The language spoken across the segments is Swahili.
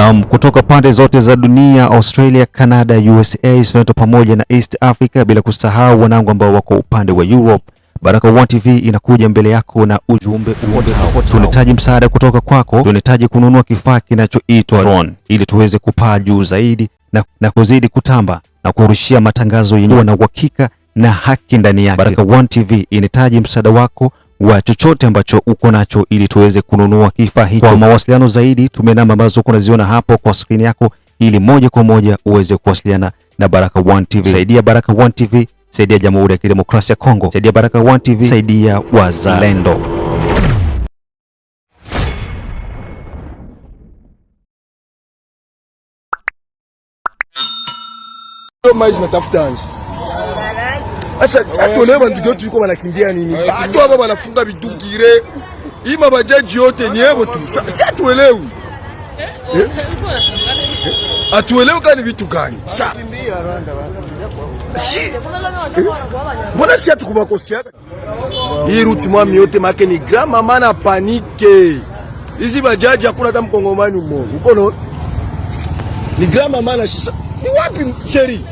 Naam, kutoka pande zote za dunia, Australia, Canada, USA, Soneto pamoja na East Africa, bila kusahau wanangu ambao wako upande wa Europe. Baraka1 TV inakuja mbele yako na ujumbe ufuatao. Tunahitaji msaada kutoka kwako. Tunahitaji kununua kifaa kinachoitwa drone ili tuweze kupaa juu zaidi na, na kuzidi kutamba na kurushia matangazo yenye na uhakika na haki ndani yake. Baraka1 TV inahitaji msaada wako wa chochote ambacho uko nacho ili tuweze kununua kifaa hicho. Kwa mawasiliano zaidi, tumia namba ambazo unaziona hapo kwa skrini yako ili moja kwa moja uweze kuwasiliana na Baraka One TV. Saidia Baraka One TV, saidia Jamhuri ya Kidemokrasia ya Kongo, saidia Baraka One TV, saidia wazalendo. Acha atolewe bantu yote yuko wanakimbia nini? Watu hapa wanafunga bidugire. Hii mabajaji yote ni yebo tu. Si atuelewi. Eh? Atuelewi gani vitu gani? Eh? Mbona si atukumakosi hata? Hii ruti mwami yote make ni grama maana panike. Hizi bajaji hakuna hata mkongomani umoja. Uko no? Ni grama maana sasa. Ni wapi sheri?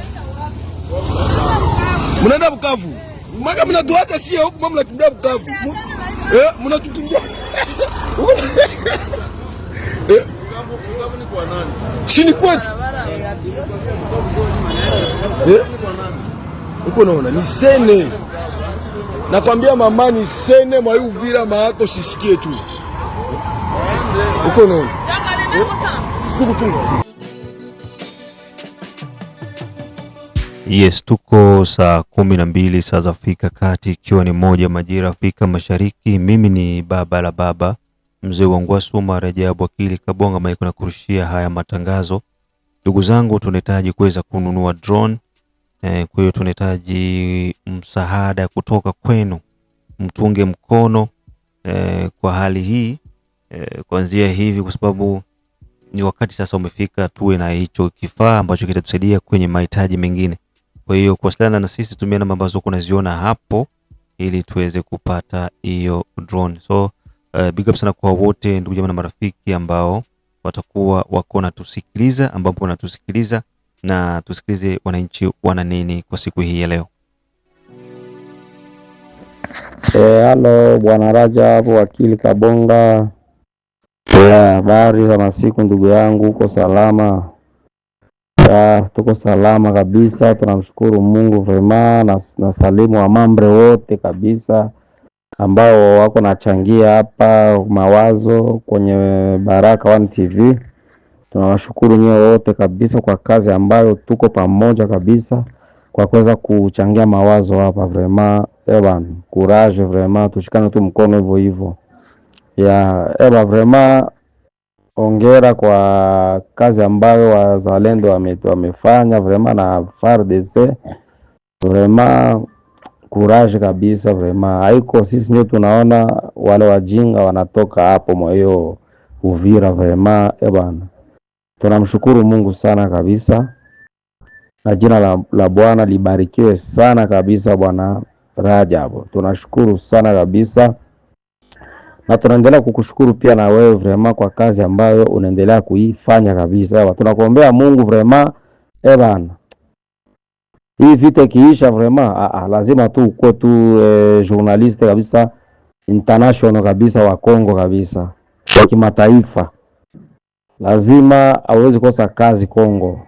Mnaenda Bukavu maka mnatuacha sie huku, mnakimbia Bukavu, eh, mnatukimbia chini eh. kwetu eh. uko. Naona ni sene, nakwambia mama, ni sene mwa Uvira maako sisikie tu uko naona Yes, tuko saa kumi na mbili saa za Afrika Kati, ikiwa ni moja majira Afrika Mashariki. Mimi ni baba la baba mzee wa Ngwasuma Rajabu Akili Kabonga Maiko na kurushia haya matangazo. Ndugu zangu, tunahitaji kuweza kununua drone e, kwa hiyo tunahitaji msaada kutoka kwenu, mtunge mkono e, kwa hali hii e, kuanzia hivi, kwa sababu ni wakati sasa umefika tuwe na hicho kifaa ambacho kitatusaidia kwenye mahitaji mengine. Kwa hiyo kuwasiliana na sisi, tumia namba ambazo kunaziona hapo ili tuweze kupata hiyo drone. So uh, big up sana kwa wote ndugu jamaa na marafiki ambao watakuwa wako natusikiliza, ambapo wanatusikiliza na tusikilize wananchi wana nini kwa siku hii ya leo. Eh, halo e, bwana Rajab wakili Kabonga, habari e, za masiku ndugu yangu, uko salama? Ah, tuko salama kabisa, tunamshukuru Mungu vrema na, na salimu wamambre wote kabisa ambao wako nachangia hapa mawazo kwenye Baraka One TV. Tunawashukuru nyewe wote kabisa kwa kazi ambayo tuko pamoja kabisa kwa kuweza kuchangia mawazo hapa vrema. Eh, eba courage vrema, tushikane tu mkono hivyo hivyo ya eba eh, vrema hongera kwa kazi ambayo wazalendo wamefanya vrema na FARDC vrema kuraje kabisa vrema, haiko sisi ndio tunaona wale wajinga wanatoka hapo mwahiyo Uvira vrema. E eh bana, tunamshukuru Mungu sana kabisa, na jina la, la Bwana libarikiwe sana kabisa. Bwana Rajabu, tunashukuru sana kabisa na tunaendelea kukushukuru pia na wewe vrema kwa kazi ambayo unaendelea kuifanya kabisa. Ewa, tunakuombea Mungu vrema ebana, eh hii vita ikiisha vrema ah, ah, lazima tu uko tu e, journaliste kabisa international kabisa wa Kongo kabisa wa kimataifa, lazima awezi kosa kazi Kongo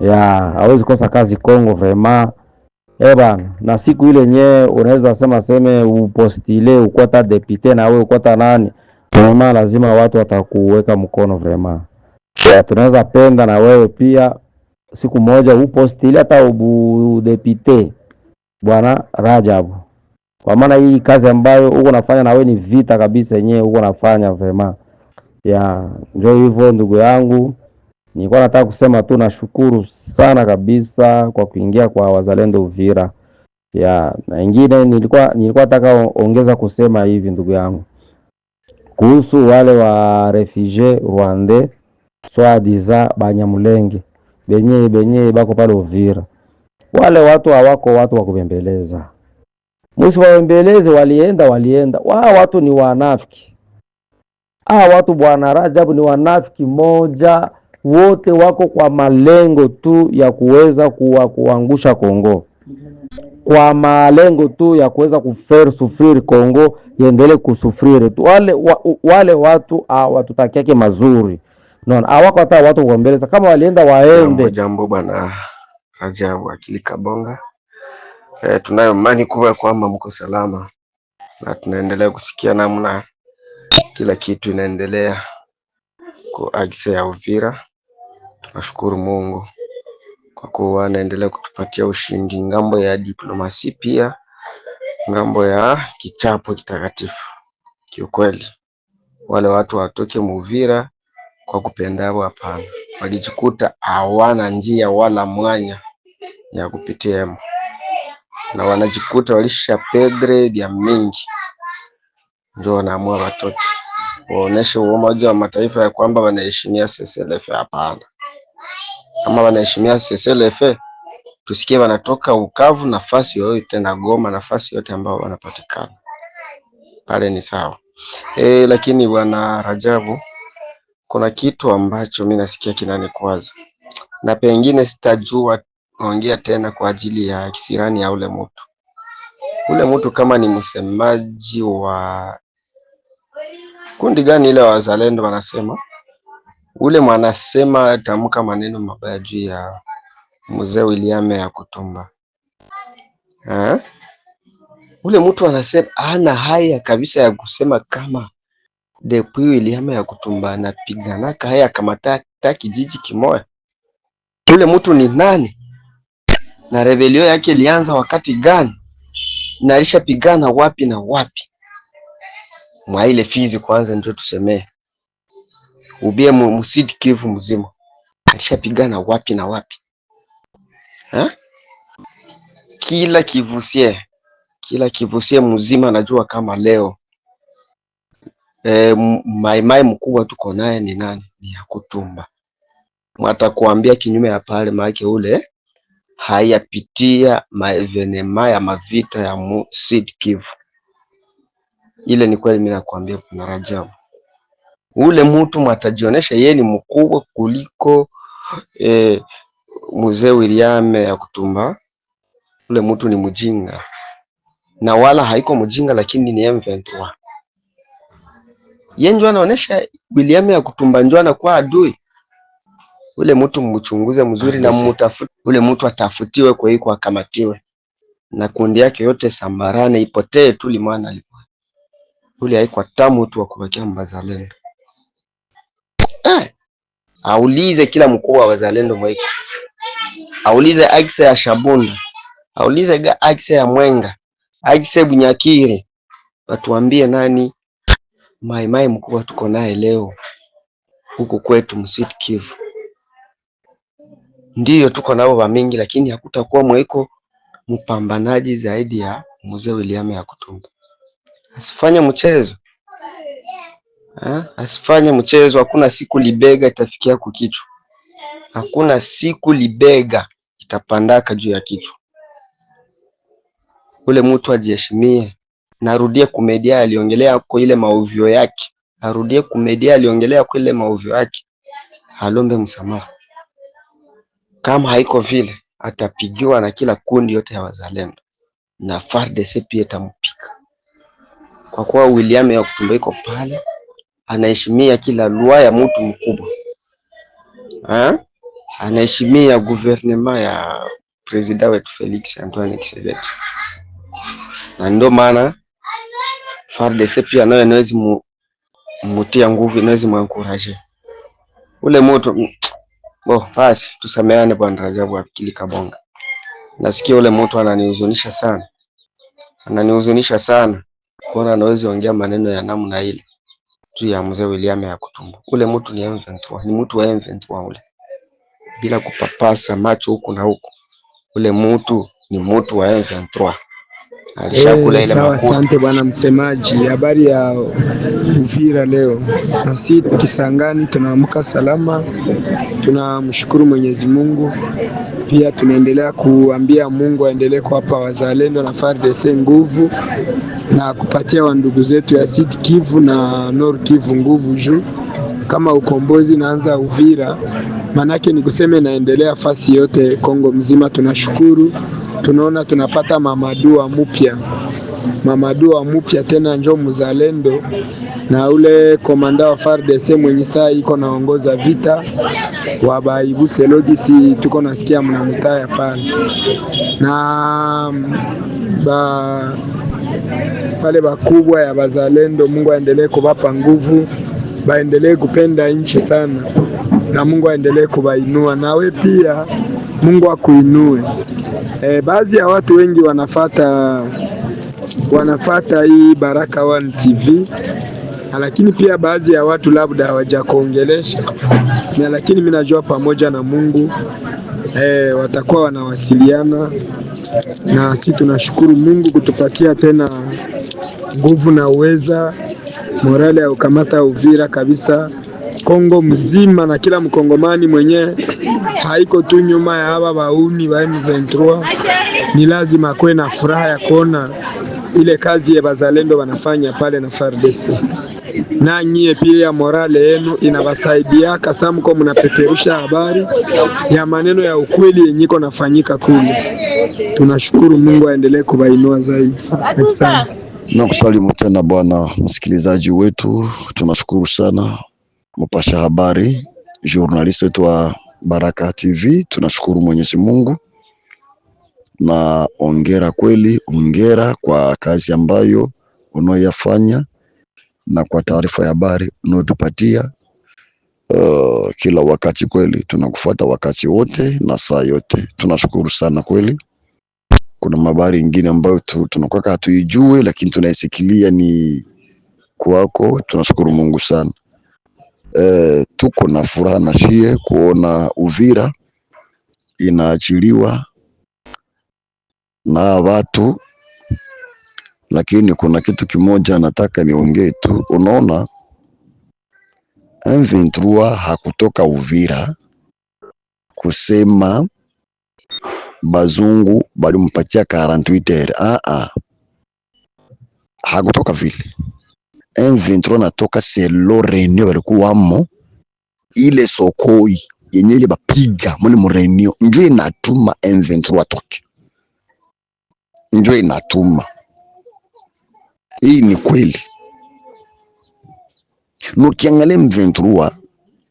ya awezi kosa kazi Kongo vrema Eh bana, na siku ile nye unaweza sema seme upostile ukwata depute na wewe ukwata nani, vraiment lazima watu watakuweka mkono vrema. Ya tunaweza penda na wewe pia siku moja upostile hata ubu depute bwana Rajabu, kwa maana hii kazi ambayo uko nafanya na wewe ni vita kabisa yenyewe uko nafanya vrema Ya njoo hivyo ndugu yangu Nilikuwa nataka kusema tu nashukuru sana kabisa kwa kuingia kwa Wazalendo Uvira ya na ingine nilikuwa nilikuwa nataka ongeza kusema hivi ndugu yangu kuhusu wale wa refugee Rwanda swadiza Banyamulenge benye benye bako pale Uvira, wale watu hawako watu wa kubembeleza, musiwabembeleze. Walienda walienda wao, watu ni wanafiki. Ah, watu bwana Rajabu ni wanafiki moja wote wako kwa malengo tu ya kuweza kuwa kuangusha Kongo, kwa malengo tu ya kuweza kufer sufriri Kongo iendelee kusufriri tu. Wale, wa, wale watu hawatutakiake ah, mazuri, naona hawako hata watu kuombeleza. Kama walienda waende. Jambo bwana Rajabu akili kabonga. E, tunayo imani kubwa kwamba mko salama na tunaendelea kusikia namna kila kitu inaendelea ku akse ya Uvira Tunashukuru Mungu kwa kuwa anaendelea kutupatia ushindi ngambo ya diplomasi, pia ngambo ya kichapo kitakatifu. Kiukweli wale watu watoke Muvira kwa kupenda hapo, hapana, walijikuta hawana njia wala mwanya ya kupitia na wanajikuta walisha pedre vya mingi, ndio wanaamua watoke waoneshe umoja wa mataifa ya kwamba wanaheshimia CCLF. Hapana kama wanaheshimia SSLF tusikie wanatoka Ukavu nafasi yoyote na Goma nafasi yote ambao wanapatikana pale ni sawa. E, lakini bwana Rajabu, kuna kitu ambacho mimi nasikia kinanikwaza na pengine sitajua ongea tena kwa ajili ya kisirani ya ule mtu ule mtu, kama ni msemaji wa kundi gani ile wazalendo wanasema Ule mwanasema tamka maneno mabaya juu ya mzee William kutumba Ha? Eh? Ule mtu anasema hana haya kabisa ya kusema kama depui William kutumba anapiganaka haya kama ta kijiji kimoya. Ule mtu ni nani? Na rebelio yake ilianza wakati gani? Na alishapigana wapi na wapi? Mwa ile Fizi kwanza ndio tusemee ubie msiti Kivu mzima alishapigana wapi na wapi ha? Kila kivusie kila kivusie mzima anajua kama leo e, eh, maimai mkubwa tuko naye ni nani? Ni ya kutumba mwatakuambia kinyume ya pale, maake ule hayapitia maevenema ya mavita ya Sud Kivu. Ile ni kweli, mimi nakwambia kuna Rajabu Ule mtu atajionyesha yeye ni mkubwa kuliko eh, mzee William ya kutumba. Ule mtu ni mjinga na wala haiko mjinga, lakini ni M23 yeye ndio anaonesha William ya kutumba ndio anakuwa adui. Ule mtu mchunguze mzuri na mtafute ule mtu atafutiwe kwa hiyo akamatiwe na kundi yake yote sambarane ipotee tu limana. alikuwa Ule haiko tamu tu wa kubakia mbazalendo aulize kila mkoa wa wazalendo mweko, aulize akse ya Shabunda, aulize akse ya Mwenga, akse Bunyakiri, watuambie nani maimai mkubwa tuko naye leo huku kwetu msit Kivu. Ndiyo tuko nao vamingi mingi, lakini hakutakuwa mweko mpambanaji zaidi ya mzee William ya Kutumba. Asifanye mchezo. Ha? Asifanye mchezo, hakuna siku libega itafikia kwa kichwa, hakuna siku libega itapandaka juu ya kichwa. Ule mtu ajiheshimie, narudie kumedia aliongelea kwa ile maovyo yake, arudie kumedia aliongelea kwa ile maovyo yake, alombe msamaha. Kama haiko vile, atapigiwa na kila kundi yote ya wazalendo na FARDC pia itampiga, kwa kuwa William ya kutumba iko pale anaheshimia kila lua ya mtu mkubwa ha? anaheshimia guvernema ya presida wetu Felix Antoine Tshisekedi, na ndio maana FARDC pia nayo inawezi mu, mutia nguvu, inawezi muankuraje ule moto mm, bo. Basi tusameane bwana Rajabu akili kabonga, nasikia ule moto ananihuzunisha sana, ananihuzunisha sana kuona anawezi ongea maneno ya namna ile juu ya mzee William ya kutumbu. Ule mtu ni M23, ni mtu wa M23 ule, bila kupapasa macho huku na huku. Ule mtu ni mtu wa M23. Alishakula eh, ile sawa. Asante bwana msemaji, habari ya Uvira leo. Nasi Kisangani tunaamka salama, tunamshukuru Mwenyezi Mungu. Pia tunaendelea kuambia Mungu aendelee kuwapa wazalendo na FARDC nguvu na kupatia wandugu zetu ya Sud Kivu na Nord Kivu nguvu juu kama ukombozi naanza Uvira, manake ni kusema inaendelea fasi yote Kongo mzima. Tunashukuru tunaona tunapata mamadua mupya mamadua mupya tena njo mzalendo na ule komanda wa FARDC mwenye saa iko naongoza vita wa Baibu tuko nasikia mnamtaya pale na mm, ba, pale bakubwa ya bazalendo. Mungu aendelee kubapa nguvu, baendelee kupenda nchi sana, na Mungu aendelee kubainua. Nawe pia Mungu akuinue. Eh, baadhi ya watu wengi wanafata wanafata hii Baraka One TV, lakini pia baadhi ya watu labda hawajakuongelesha, na lakini mimi najua pamoja na Mungu eh, watakuwa wanawasiliana na sisi. Tunashukuru Mungu kutupatia tena nguvu na uweza morale ya ukamata Uvira kabisa. Kongo mzima na kila mkongomani mwenyewe haiko tu nyuma ya hawa bauni wa M23. Ni lazima akuwe na furaha ya kuona ile kazi ya bazalendo wanafanya pale na FARDC, na nyie pia morale yenu inawasaidia kasa, mko mnapeperusha habari ya maneno ya ukweli yenye iko nafanyika kule. Tunashukuru Mungu aendelee kubainua zaidi. Asante na kusalimu tena bwana msikilizaji wetu, tunashukuru sana. Mpasha habari journalist wetu wa Baraka TV, tunashukuru Mwenyezi Mungu na ongera kweli, ongera kwa kazi ambayo unaoyafanya na kwa taarifa ya habari unaotupatia uh, kila wakati kweli, tunakufuata wakati wote na saa yote, tunashukuru sana kweli. Kuna habari nyingine ambayo tunakuwa hatuijui lakini tunaisikilia ni kwako, tunashukuru Mungu sana e, tuko na furaha na shie kuona Uvira inaachiliwa na watu, lakini kuna kitu kimoja nataka niongee tu. Unaona M23 hakutoka Uvira kusema bazungu balimupatia 48 heures. Ah, ah hakutoka vile M23 natoka selo Renio walikuwamo ile sokoi yenye ile bapiga muli murenio njo inatuma M23 atoke, njo inatuma hii ni kweli. Nukiangalia M23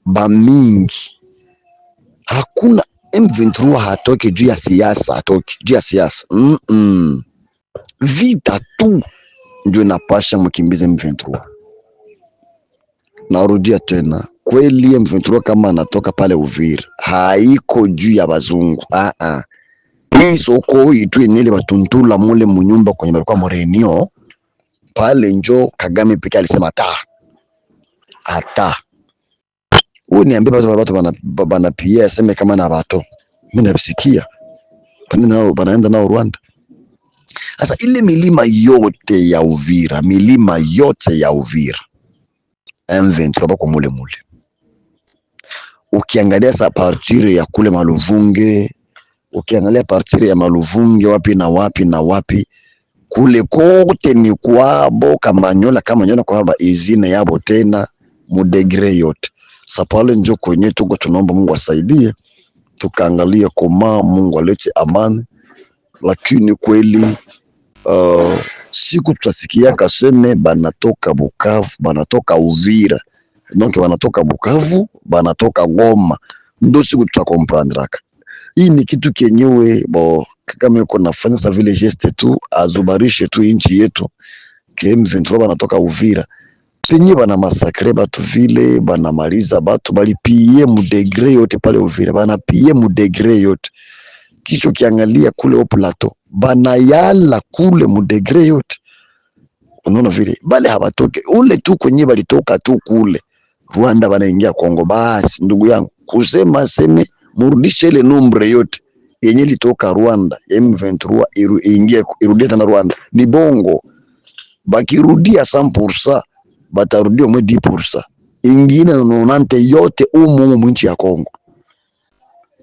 bamingi hakuna M23 hatoke juu ya siasa, atoke juu ya siasa mm -mm. Vita tu ndio inapasha mkimbize M23. Narudia tena, kweli M23 kama anatoka pale Uvira haiko juu ya bazungu ah ah. Hii soko itu enele batuntula mule munyumba kwenye balikuwa morenio pale, njo Kagame peke alisema ta ata wewe niambie batu batu bana bana pia aseme kama na bato mimi nabisikia, pande nao banaenda nao Rwanda sasa ile milima yote ya Uvira, milima yote ya Uvira M23 bako mule mule, ukiangalia sa partire ya kule Maluvunge, ukiangalia partire ya Maluvunge wapi na wapi na wapi kule kote ni kwabo, Kamanyola Kamanyola kwaba izine yabo tena mudegre yote sa pale Njo kwenye tuko tunaomba Mungu asaidie, tukaangalia koma Mungu alete amani lakini kweli uh, siku tutasikia kaseme banatoka Bukavu, banatoka Uvira, donc banatoka Bukavu, banatoka Goma, ndo siku tutakomprandraka. Hii ni kitu kenyewe bo kama yuko nafanya sa vile geste tu azubarishe tu inchi yetu km23 banatoka Uvira penye bana masakre batu vile banamaliza batu balipie mudegre yote pale Uvira, banapie mudegre yote kisha ukiangalia kule o plato banayala kule mudegre yote, unaona vile bale hawatoke ule tu kwenye balitoka tu kule Rwanda banaingia Kongo. Basi ndugu yangu, kusema seme murudishe ile nombre yote yenye litoka Rwanda M23 iru, ingie irudie tena Rwanda ni bongo. Bakirudia 100% batarudia mwe 10% ingine nonante yote umu mu nchi ya Kongo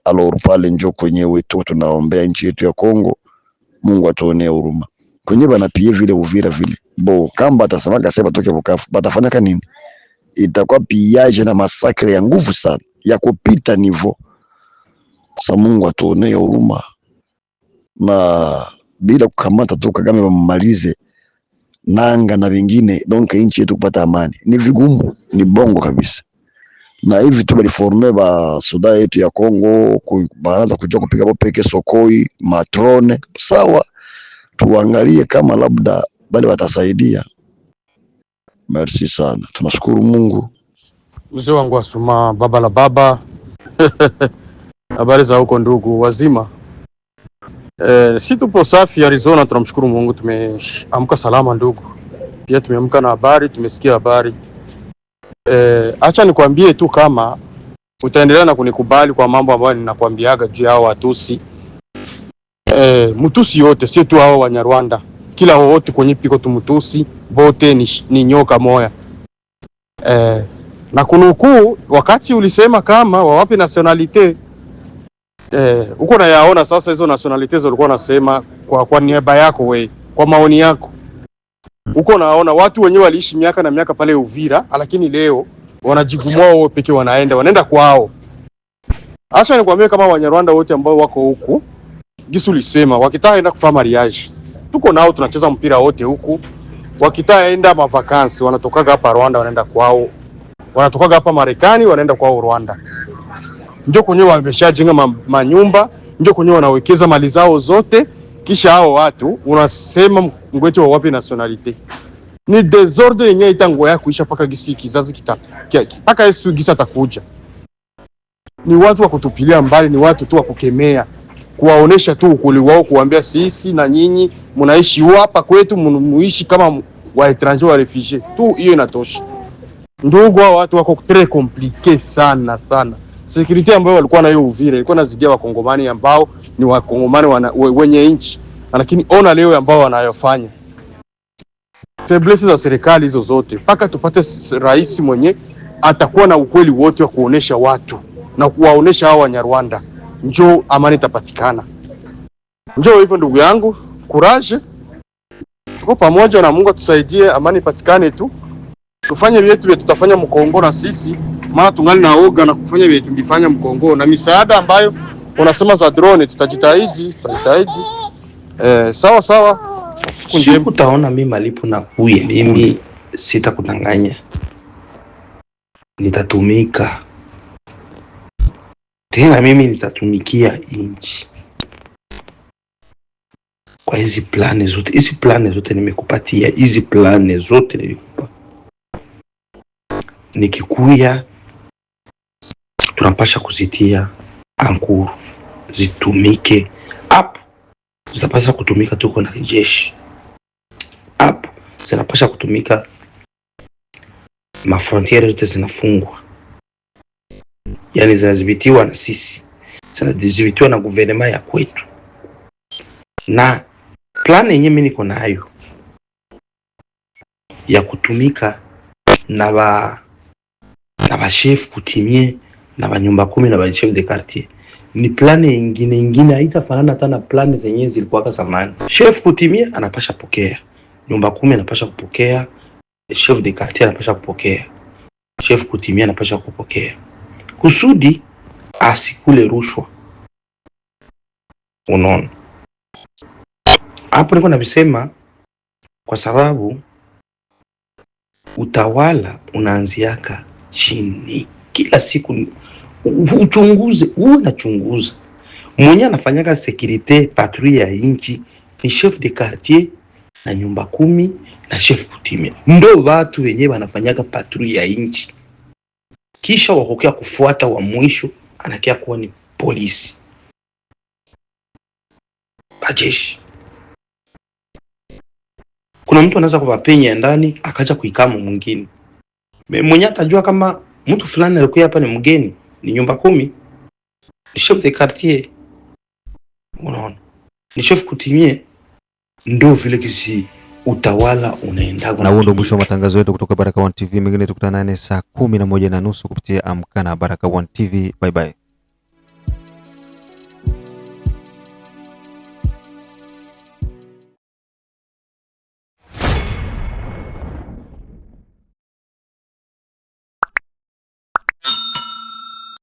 alor pale njo kwenye wetu tunaombea nchi yetu ya Kongo, Mungu atuonee huruma kwenye bana pia vile Uvira vile bo kamba atasema kasa batoke Bukavu batafanya nini? Itakuwa piaje na masakre ya nguvu sana ya kupita nivo. Sa Mungu atuonee huruma na bila kukamata tu Kagame wamalize nanga na vingine, donc nchi yetu kupata amani ni vigumu, ni bongo kabisa na hivi tu baliforme ba soda yetu ya Kongo baanza kujua kupiga peke sokoi matrone sawa, tuangalie kama labda bali watasaidia. Merci sana, tunashukuru Mungu. Mzee wangu asuma baba la baba habari za huko ndugu wazima? Eh, si tupo safi Arizona, tunamshukuru Mungu tumeamka salama ndugu, pia tumeamka na habari, tumesikia habari Eh, acha nikwambie tu kama utaendelea na kunikubali kwa mambo ambayo ninakwambiaga juu ya hao Watusi. Eh, Mtusi yote sio tu hao Wanyarwanda, kila wote kwenye piko tu Mtusi bote ni, ni nyoka moya. Eh, na kunukuu wakati ulisema kama wawapi nationalite eh, uko nayaona sasa hizo nationalite zilikuwa nasema kwa, kwa niaba yako we, kwa maoni yako huko naona watu wenyewe waliishi miaka na miaka pale Uvira, lakini leo wanajivumua wao peke wanaenda wanaenda kwao. Acha nikwambie kama Wanyarwanda wote ambao wako huku Gisu lisema wakitaka enda kufanya mariage. Tuko nao tunacheza mpira wote huku. Wakitaka enda mavakansi wanatokaga hapa Rwanda wanaenda kwao. Wanatokaga hapa Marekani wanaenda kwao Rwanda. Ndio kwenye wameshajenga ma, manyumba, ndio kwenye wanawekeza mali zao zote kisha hao watu unasema ngweche wa wapi nationalite ni desordre yenye itango ya kuisha paka gisi kizazi kita paka Yesu gisa takuja Ni watu wa kutupilia mbali, ni watu tu wa kukemea, kuwaonesha tu ukuli wao, kuambia sisi na nyinyi mnaishi hapa kwetu, muishi kama wa etranger wa refugee tu, hiyo inatosha. Ndugu hao watu wako tre komplike sana sana. Sekurite ambayo walikuwa nayo Uvira ilikuwa nazidia wakongomani ambao ni wakongomani wenye nchi na lakini ona leo ambao wanayofanya feblesi za serikali hizo zote, mpaka tupate rais mwenye atakuwa na ukweli wote wa kuonesha watu na kuwaonesha hao Wanyarwanda, njoo amani itapatikana. Njoo hivyo ndugu yangu, courage, tuko pamoja na Mungu atusaidie, amani ipatikane tu, tufanye vyetu vya tutafanya mkongo na sisi, maana tungali na oga na kufanya vyetu tulifanya mkongo na misaada ambayo unasema za drone, tutajitahidi tutajitahidi Eh, sawa sawa, siku utaona mi malipo na kuya mimi, sitakudanganya nitatumika tena, mimi nitatumikia inchi kwa hizi plane zote, hizi plane zote nimekupatia, hizi plane zote nilikupa. Nikikuya tunapasha kuzitia ankuru zitumike zinapasha kutumika tuko na jeshi hapo, zinapasha kutumika, mafrontiere zote zinafungwa, yani zinadhibitiwa na sisi, zinadhibitiwa na guvernema ya kwetu. Na plan yenyewe mimi niko nayo ya kutumika na ba na chef kutimie na nyumba kumi na ba chef de quartier ni plani ingine ingine, haitafanana hata na plani zenye zilikuwa zamani. Chef kutimia anapasha pokea, nyumba kumi anapasha kupokea, chef de quartier anapasha kupokea, chef kutimia anapasha kupokea kusudi asikule rushwa. Unaona hapo, niko navisema kwa sababu utawala unaanziaka chini kila siku uchunguze, uwe nachunguza mwenye anafanyaga sekurite patrui ya inchi ni chef de quartier na nyumba kumi na chef kutime, ndo watu wenye wanafanyaga patrui ya inchi, kisha wakokea kufuata wa mwisho anakia kuwa ni polisi bajeshi. Kuna mtu anaweza kuwapenya ndani akaja kuikama mwingine mwenye atajua kama mtu fulani alikuwa hapa ni mgeni ni nyumba kumi, ni chef de quartier, unaona ni chef kutimie, ndio vile kisi utawala unaendaga. Na huo ndio mwisho wa matangazo yetu kutoka baraka One TV. Mengine tukutana nane saa kumi na moja na nusu kupitia Amka na Baraka1 TV. Bye bye.